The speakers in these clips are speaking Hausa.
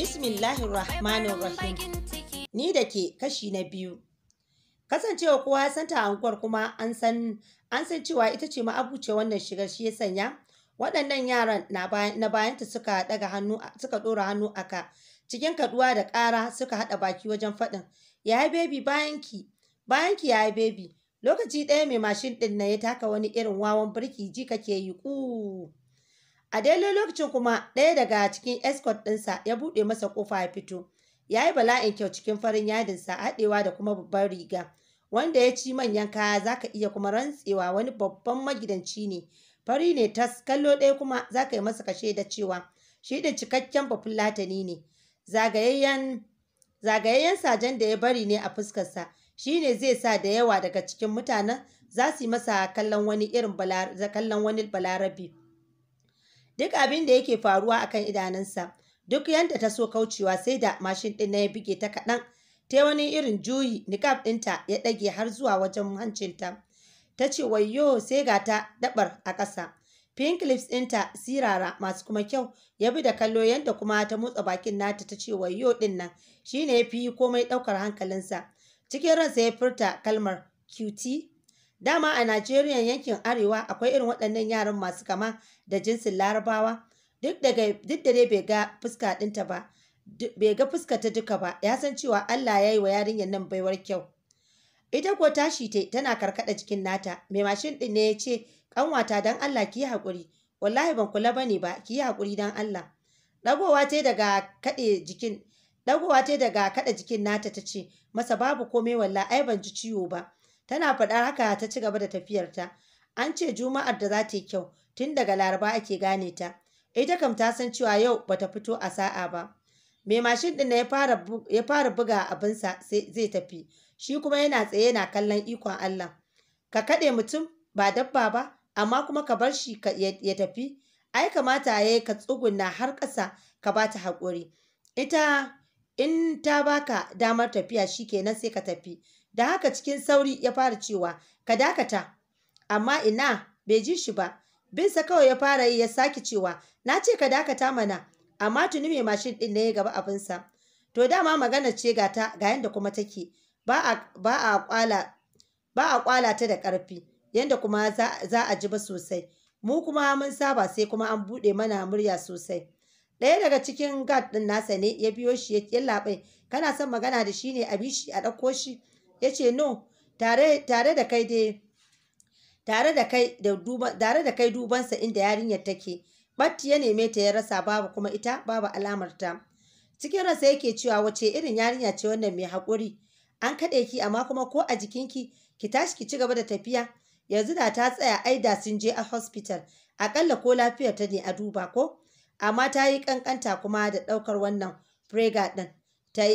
Bismillahirrahmanirrahim. Ni da ke kashi na biyu. Kasancewa kowa ya santa anguwar kuma an san cewa ita ce ma'abuce wannan shigar shi ya sanya waɗannan yaran na bayanta suka ɗaga hannu suka ɗora hannu a ka cikin kaduwa da ƙara suka haɗa baki wajen faɗin ya yi bebi bayan ki ya yi bebi lokaci ɗaya mai mashin ɗin na ya taka wani irin wawan birki ji kake yi ƙuu a daidai lokacin kuma ɗaya daga cikin escort ɗinsa ya buɗe masa ƙofa ya fito ya yi bala'in kyau cikin farin yadinsa haɗewa da kuma babban riga wanda ya ci manyan kaya za ka iya kuma rantsewa wani babban magidanci ne fari ne tas kallo ɗaya kuma za ka yi masa kashe da cewa shi da cikakken latani ne zagayayyen sajan da ya bari ne a fuskarsa shi ne zai sa da yawa daga cikin mutanen za su yi masa kallon wani irin kallon wani balarabi duk abin da yake faruwa a kan idanunsa duk yanda ta so kaucewa sai da mashin ɗin na ya buge ta kaɗan ta wani irin juyi niƙaf ɗinta ya ɗage har zuwa wajen hancinta ta ce wayyo sai ga ta daɓar a ƙasa pink lips ɗinta sirara masu kuma kyau ya bi da kallo yadda kuma ta motsa bakin nata ta ce wayyo ɗin nan shine ya fi komai ɗaukar hankalinsa cikin ransa ya furta kalmar cutie Dama a Najeriya yankin Arewa akwai irin waɗannan yaran masu kama da jinsin Larabawa duk da dai bai ga fuska ɗinta ba, bai ga fuska ta duka ba, ya san cewa Allah ya yi wa yarinyar nan baiwar kyau. Ita ko tashi ta tana karkada jikin nata, mai mashin ɗin ne ya ce, ƙanwata don Allah ki yi haƙuri, wallahi ban kula ba ba, ki yi haƙuri don Allah. Ɗagowa ta daga kaɗe jikin, ɗagowa ta daga kaɗa jikin nata ta ce, masa babu komai walla ai ban ji ciwo ba, tana faɗar haka ta ci gaba da tafiyarta an ce juma'ar da za ta yi kyau tun daga laraba ake gane ta ita kam ta san cewa yau bata fito a sa'a ba mai mashin ɗin na ya fara buga abinsa sai zai tafi shi kuma yana tsaye na kallon ikon Allah ka kaɗe mutum ba dabba ba amma kuma ka bar shi ya tafi ai kamata ya ka tsuguna har ƙasa ka ba ta haƙuri ita in ta baka damar tafiya shi kenan sai ka tafi da haka cikin sauri ya fara cewa ka dakata amma ina bai ji shi ba binsa kawai ya fara yi ya sake cewa na ce ka dakata mana amma tuni mai mashin din ne ya gaba abinsa to dama magana ce ga ta ga yanda kuma take ba a kwala ta da karfi yanda kuma za a ji ba sosai mu kuma mun saba sai kuma an bude mana murya sosai ɗaya daga cikin gad ɗin nasa ne ya biyo shi ya labai kana son magana da shi ne a bi shi a ɗauko shi ya ce no tare da kai dai tare da kai dubansa inda yarinyar take batti ya neme ta ya rasa babu kuma ita babu alamar ta cikin rasa yake cewa wace irin yarinya ce wannan mai haƙuri an kaɗe ki amma kuma ko a jikinki ki tashi ki ci gaba da tafiya yanzu da ta tsaya ai da sun je a hospital akalla ko lafiyar ta ne a duba ko amma ta yi kankanta kuma da ɗaukar wannan prega ɗin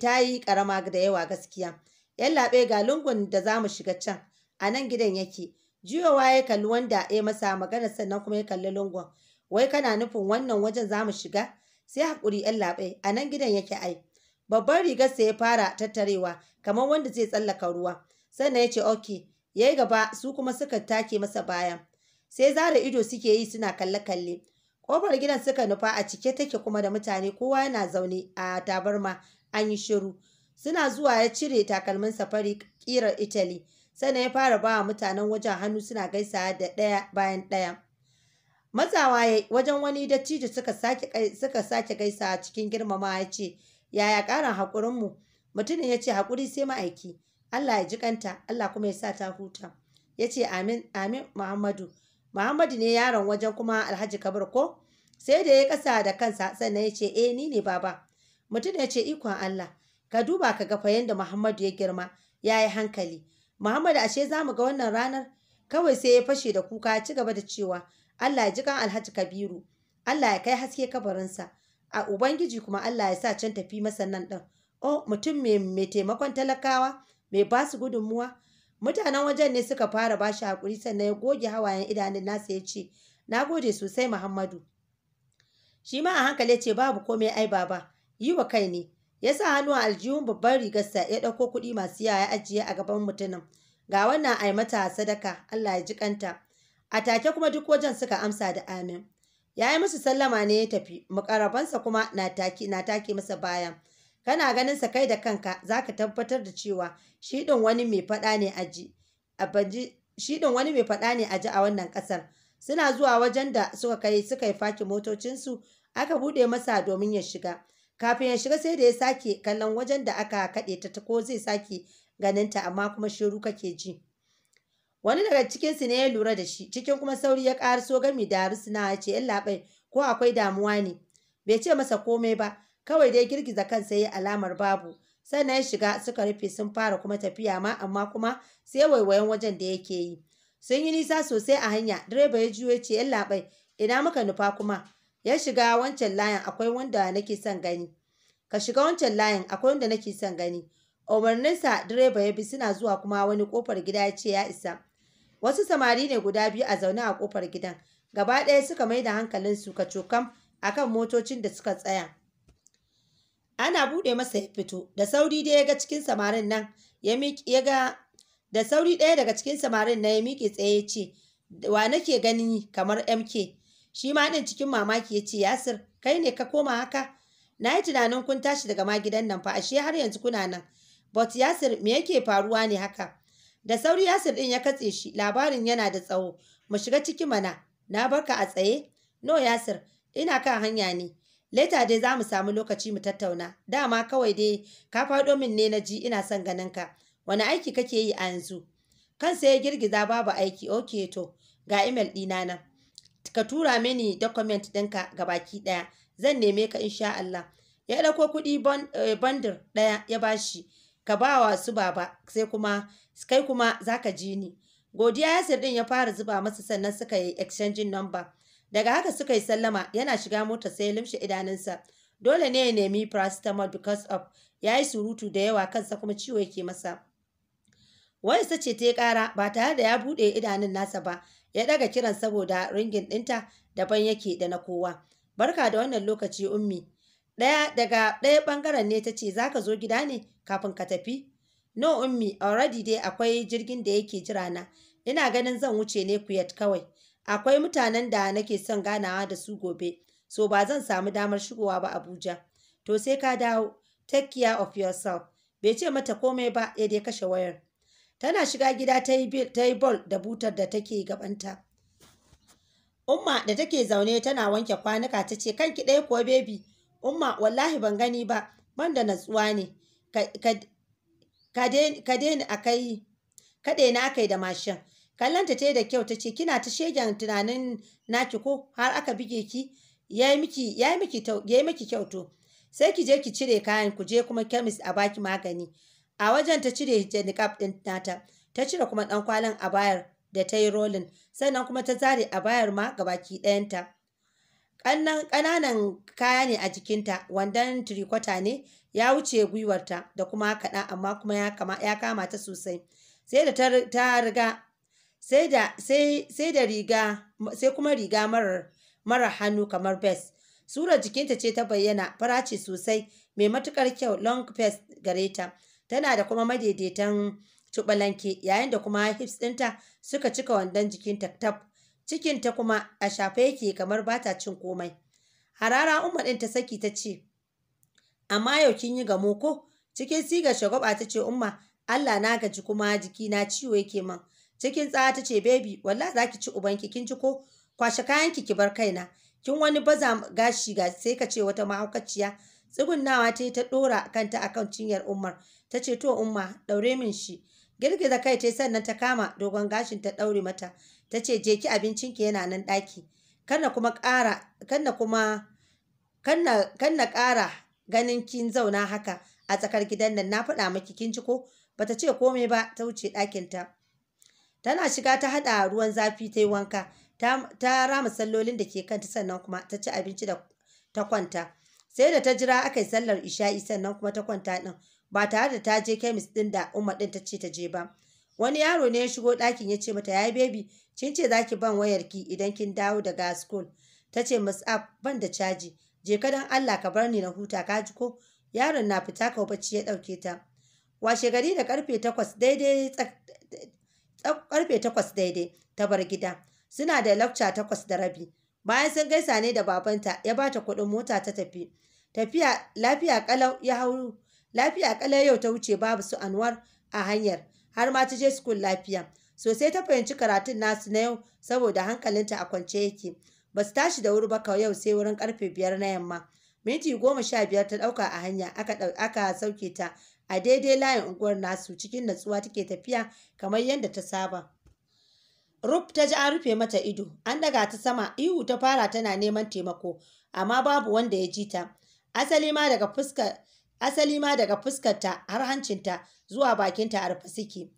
ta yi ƙarama da yawa gaskiya yallaɓe ga lungun da za mu shiga can a nan gidan yake juyowa ya kalli wanda ya masa magana sannan kuma ya kalli lungun wai kana nufin wannan wajen za mu shiga sai haƙuri yallaɓe a nan gidan yake ai babban sa ya fara tattarewa kamar wanda zai tsallaka ruwa sannan ya ce ok ya yi gaba su kuma suka take masa baya sai zara ido suke yi suna kalle-kalle kofar gidan suka nufa a cike take kuma da mutane kowa yana zaune a tabarma an yi shiru suna zuwa ya cire takalmin safari kirar italy sannan ya fara ba mutanen wajen hannu suna gaisa da ɗaya bayan ɗaya matsawa wajen wani dattijo suka sake gaisa cikin girmama ya ce yaya ƙarin haƙurinmu mutumin ya ce haƙuri sai ma'aiki allah ya ji kanta allah kuma ya sa ta huta ya ce amin muhammadu muhammadu ne yaron wajen kuma alhaji kabar ko sai da ya kasa da kansa sannan ya ce eh ni ne baba mutum ya ce ikon allah ka duba ka ga fa Muhammadu ya girma ya yi hankali Muhammadu ashe za mu ga wannan ranar kawai sai ya fashe da kuka ya ci gaba da cewa Allah ya ji kan Alhaji Kabiru Allah ya kai haske kabarinsa a Ubangiji kuma Allah ya sa can tafi masa nan ɗin o mutum mai taimakon talakawa mai ba su gudunmuwa mutanen wajen ne suka fara bashi hakuri sannan ya goge hawayen idanun nasa ya ce na gode sosai Muhammadu shi ma a hankali ya ce babu komai ai baba yi wa kai ne ya sa hannu a aljihun babban rigarsa ya ɗauko kuɗi masu yawa ya ajiye a gaban mutumin ga wannan a mata sadaka Allah ya ji kanta a take kuma duk wajen suka amsa da amin ya yi musu sallama ne ya tafi mukarabansa kuma na take na take masa baya kana ganin sa kai da kanka zaka tabbatar da cewa shi din wani mai faɗa ne a ji shi din wani mai faɗa ne a a wannan ƙasar suna zuwa wajen da suka kai suka yi faki motocinsu aka buɗe masa domin ya shiga kafin ya shiga sai da ya sake kallon wajen da aka kaɗe ta ko zai sake ganinta amma kuma shiru kake ji wani daga cikinsu ne ya lura da shi cikin kuma sauri ya ƙaraso gami da harsuna ya ce yallaɓai? labai ko akwai damuwa ne bai ce masa komai ba kawai dai girgiza kan kansa ya alamar babu sannan ya shiga suka rufe sun fara kuma tafiya ma amma kuma sai waiwayen wajen da yake yi sun yi nisa sosai a hanya direba ya juyo ya ce yallaɓai labai ina muka nufa kuma ya shiga wancan layin akwai wanda nake son gani ka shiga wancan layin akwai wanda nake son gani umarninsa direba ya bi suna zuwa kuma wani kofar gida ya ce ya isa wasu samari ne guda biyu a zaune a kofar gidan gaba ɗaya suka mai da hankalinsu ka cokam kan motocin da suka tsaya ana buɗe masa ya fito da sauri da ga cikin samarin nan ya ga da sauri ɗaya daga cikin samarin na ya miƙe tsaye ya ce wa nake gani kamar mk shi ma ɗin cikin mamaki ya ce yasir kai ne ka koma haka na yi tunanin kun tashi daga ma gidan nan fa ashe har yanzu kuna nan but yasir me yake faruwa ne haka da sauri yasir ɗin ya katse shi labarin yana da tsawo mu shiga ciki mana na barka a tsaye no yasir ina kan hanya ne leta dai za mu samu lokaci mu tattauna dama kawai dai ka faɗo min ne na ji ina son ganin ka wani aiki kake yi a yanzu kansa ya girgiza babu aiki "Oke to ga imel ɗina nan ka tura mini document ɗinka baki ɗaya zan neme ka insha Allah ya ɗauko kuɗi bandir eh, ɗaya ya bashi ka ba wa su baba sai kuma kai kuma zaka ji ni godiya yasir ɗin ya fara zuba masa sannan suka yi exchange number daga haka suka yi sallama yana shiga mota sai ya limshe idanunsa dole ne ya nemi paracetamol because of ya yi surutu da yawa kansa kuma ciwo yake masa wani ce ta yi kara ba tare da ya buɗe idanun nasa ba ya ɗaga kiran saboda ringin ɗinta daban yake da na kowa barka da wannan lokaci ummi ɗaya daga ɗaya ɓangaren ne ta ce za ka zo gida ne kafin ka tafi no ummi already dai akwai jirgin da yake jira na ina ganin zan wuce ne kuyat kawai akwai mutanen da nake son ganawa da su gobe so ba zan samu damar shigowa ba abuja to sai ka dawo take care of yourself bai ce mata komai ba ya dai kashe wayar tana shiga gida ta yi bol da butar da take gabanta umma da take zaune tana wanke kwanuka ta ce kanki ɗaya kuwa bebi umma wallahi ban gani ba Ban da natsuwa ne ka daina kai kaɗe na kai da mashin kallanta ta da kyau ta ce kina ta shegen tunanin naki ko har aka bige ki ya yi miki kyau to sai ki je ki cire kayan ku je kuma kemis a baki magani a wajen ta cire hijab ɗin nata ta cire kuma ɗan kwalin abayar da ta yi rolin sannan kuma ta zare abayar ma ga gabaki ɗayanta ƙananan kaya ne a jikinta wandon tirikota ne ya wuce gwiwarta da kuma kada amma kuma ya kama ta sosai sai da ta riga sai da sai da riga sai kuma riga marar mara hannu kamar bes surar jikinta ce ta bayyana farace sosai mai matukar kyau long face gareta. tana da kuma madaidaitan tubalanke yayin da kuma hips ɗinta suka cika wandon ta tab cikin ta kuma a shafe yake kamar bata cin komai harara umma ɗin ta saki ta ce amma yau kin yi gamo ko cikin sigar shagwaba ta ce umma Allah na gaji kuma jiki na ciwo yake man cikin tsaya ta ce baby wallahi zaki ci ubanki kin ci ko kwashe kayanki ki bar kaina kin wani baza gashi ga sai ka ce wata mahaukaciya tsugunnawa ta ta dora kanta akan cinyar umar ta ce to umma ɗaure min shi girgiza kai ta sannan ta kama dogon gashin ta ɗaure mata ta ce je ki abincin abincinki yana nan ɗaki kanna kuma ƙara kanna kuma kanna kanna ƙara ganin kin zauna haka a tsakar gidan nan na faɗa miki kin ji ko bata ce komai ba ta wuce ɗakin ta tana shiga ta haɗa ruwan zafi ta yi wanka ta, rama sallolin da ke kanta sannan kuma ta ci abinci da ta kwanta sai da ta jira aka yi sallar isha'i sannan kuma ta kwanta ɗin ba tare da ta je kemis ɗin da umma ɗin ta ce ta je ba wani yaro ne ya shigo ɗakin ya ce mata yayi bebi kin ce za ki ban wayarki idan kin dawo daga school ta ce mus'ab ban da caji je ka dan Allah ka bar ni na huta ka ji ko yaron na fita ka bacci ya ɗauke ta washe gari da karfe takwas daidai karfe takwas daidai ta bar gida suna da lakca takwas da rabi bayan sun gaisa ne da babanta ya bata kuɗin mota ta tafi Tafiya lafiya kalau ya hauru. Lafiya kalau yau ta wuce babu su Anwar a hanyar har ma ta je school lafiya. Sosai ta fahimci karatun nasu na yau saboda hankalinta a kwance yake. Ba su tashi da wuri ba kawai yau sai wurin karfe biyar na yamma. Minti goma sha biyar ta ɗauka a hanya aka sauke ta a daidai layin unguwar nasu cikin natsuwa take tafiya kamar yadda ta saba. Ruf ta ji an rufe mata ido, an daga ta sama, ihu ta fara tana neman taimako, amma babu wanda ya ji ta. asali ma daga fuskar asali ma daga fuskarta har hancinta zuwa bakinta a rufe suke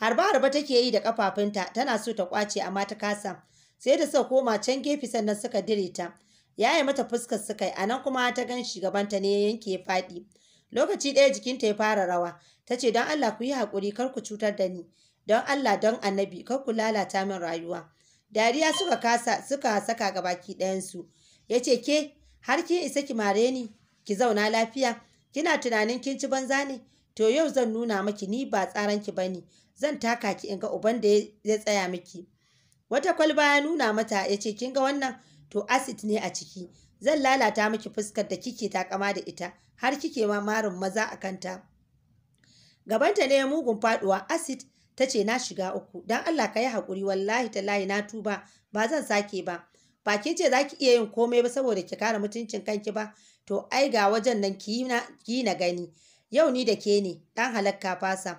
harba-harba take yi da kafafunta tana so ta kwace amma ta kasa sai ta sa koma can gefe sannan suka dire ta yaye mata fuskar suka yi anan kuma ta gan shugabanta ne ya yanke faɗi lokaci ɗaya jikinta ya fara rawa ta ce don allah ku yi haƙuri kar ku cutar da ni don allah don annabi kar ku lalata min rayuwa dariya suka kasa suka saka ga baki ɗayansu ya ce ke har ke isa ki mare ni ki zauna lafiya kina tunanin kin ci banza ne to yau zan nuna maki, ni ba tsaran ki bane zan taka ki in ga uban da ya tsaya miki wata kwalba ya nuna mata ya ce kin ga wannan to acid ne a ciki zan lalata miki fuskar da kike takama da ita har kike ma marin maza a kanta gabanta ne mugun faduwa acid ta ce na shiga uku dan Allah ka yi hakuri, wallahi ta layi na tuba ba zan sake ba ba kin ce za ki iya yin komai ba saboda ki kare mutuncin kanki ba to ai ga wajen nan ki na gani yau ni da ke ne ɗan halakka fasa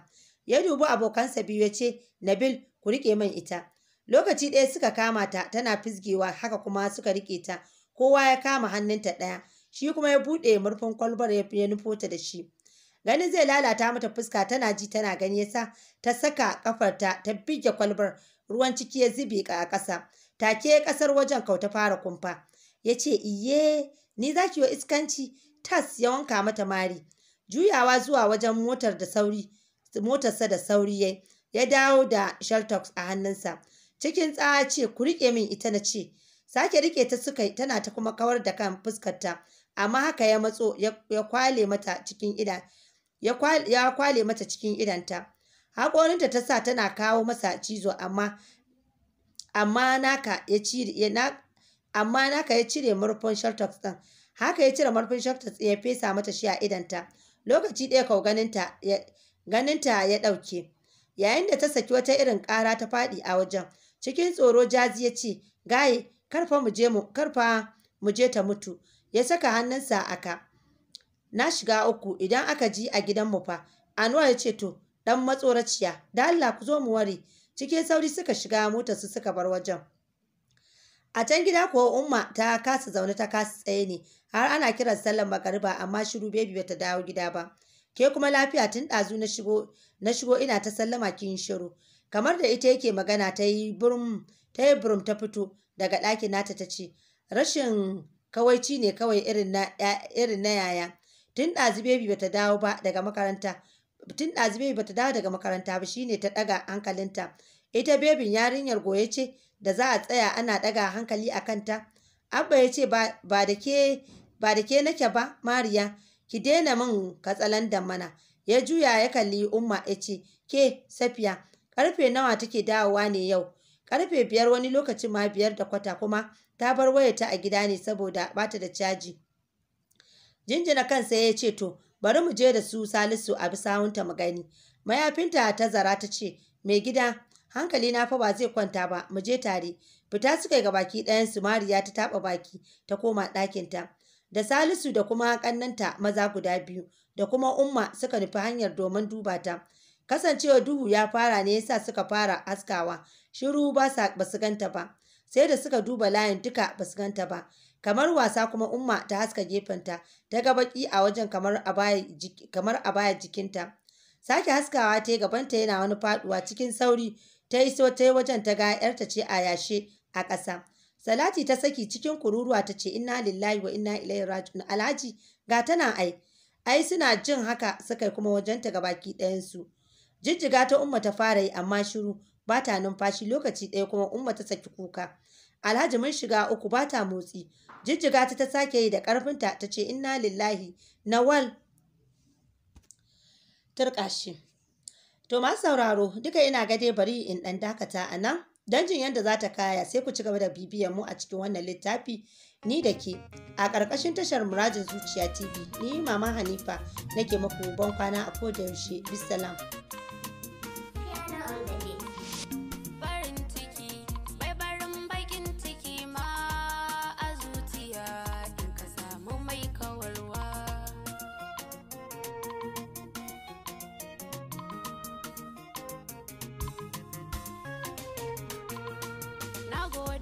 ya dubi abokansa biyu ya ce nabil ku riƙe min ita lokaci ɗaya suka kama ta tana fisgewa haka kuma suka riƙe ta kowa ya kama hannunta ɗaya shi kuma ya buɗe murfin kwalbar ya nufo ta da shi Gani zai lalata mata fuska tana ji tana gani yasa ta saka kafarta ta bige kwalbar ruwan ciki ya zube a ƙasa take ƙasar wajen kau ta fara kumfa ya ce iye ni za ki yi iskanci tas ya wanka mata mari juyawa zuwa wajen motar da sauri motarsa da sauri ya ya dawo da sheltox a hannunsa cikin tsaya ce ku rike min ita na ce sake rike ta suka tana ta kuma kawar da kan fuskarta amma haka ya matso ya kwale mata cikin idan ya kwale mata cikin idanta haƙorinta ta sa tana kawo masa cizo amma amma naka ya cire amma naka ya cire murfin shartox ɗin haka ya cire murfin shartox ya fesa mata shi a idanta lokaci ɗaya kau ganinta ya ya ɗauke yayin da ta saki wata irin ƙara ta faɗi a wajen cikin tsoro jazi ya ce gaye karfa mu je mu je ta mutu ya saka hannunsa a ka na shiga uku idan aka ji a gidan mu fa anuwa ya ce to dan matsoraciya da Allah ku zo mu ware cikin sauri suka shiga mota su suka bar wajen A can gida kuwa Umma ta kasa zaune ta kasa tsaye ne, har ana kiran sallar magariba amma shiru bebi bata dawo gida ba. Ke kuma lafiya tun ɗazu na shigo ina ta sallama kin shiru. Kamar da ita yake magana ta yi burum ta yi burum ta fito daga ɗakin nata ta ce rashin kawaici ne kawai irin na irin na yaya. Tun ɗazu bebi bata dawo ba daga makaranta. Tun ɗazu bebi bata dawo daga makaranta ba shine ta ɗaga hankalinta. Ita bebin yarinyar goye ce da za a tsaya ana daga hankali a kanta abba ya ce ba da ke nake ba mariya ki daina min katsalan da mana ya juya ya kalli umma ya ce ke safiya karfe nawa take dawowa ne yau karfe biyar wani lokaci ma biyar da kwata kuma ta bar wayarta a gida ne saboda bata da caji jinjina kansa ya ce to bari mu je da su salisu a bisawunta mu gani mayafinta ta zara ta ce mai gida hankali na fa ba zai kwanta ba mu je tare fita suka yi baki ɗayan su mariya ta taɓa baki ta koma ɗakin ta da salisu da kuma ƙannanta maza guda biyu da kuma umma suka nufi hanyar domin duba ta kasancewa duhu ya fara ne yasa suka fara askawa shiru ba basu ganta ba sai da suka duba layin duka ba ganta ba kamar wasa kuma umma ta haska gefenta ta ga baki a wajen kamar a baya jikinta sake haskawa ta gabanta yana wani faduwa cikin sauri ta iso ta yi wajen ta ga ‘yarta ce a yashe a ƙasa. Salati ta saki cikin kururuwa ta ce inna lillahi wa inna ilaihi raji'un alhaji ga tana ai ai suna jin haka suka kuma wajen ta ga baki ɗayansu. Jijjiga ta umma ta fara yi amma shiru ba ta numfashi lokaci ɗaya kuma umma ta saki kuka. Alhaji mun shiga uku ba ta motsi. Jijjiga ta ta sake yi da ƙarfinta ta ce inna lillahi nawal turƙashi. To masu sauraro duka ina gade bari in ɗan dakata a nan don jin yadda za ta kaya sai ku ci gaba da bibiyar mu a cikin wannan littafi ni da ke a ƙarƙashin tashar murajin zuciya tv ni mama hanifa nake muku ban kwana a koda yaushe bisalam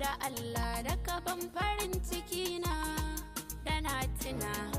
ya Allah da kaban farin ciki na tina na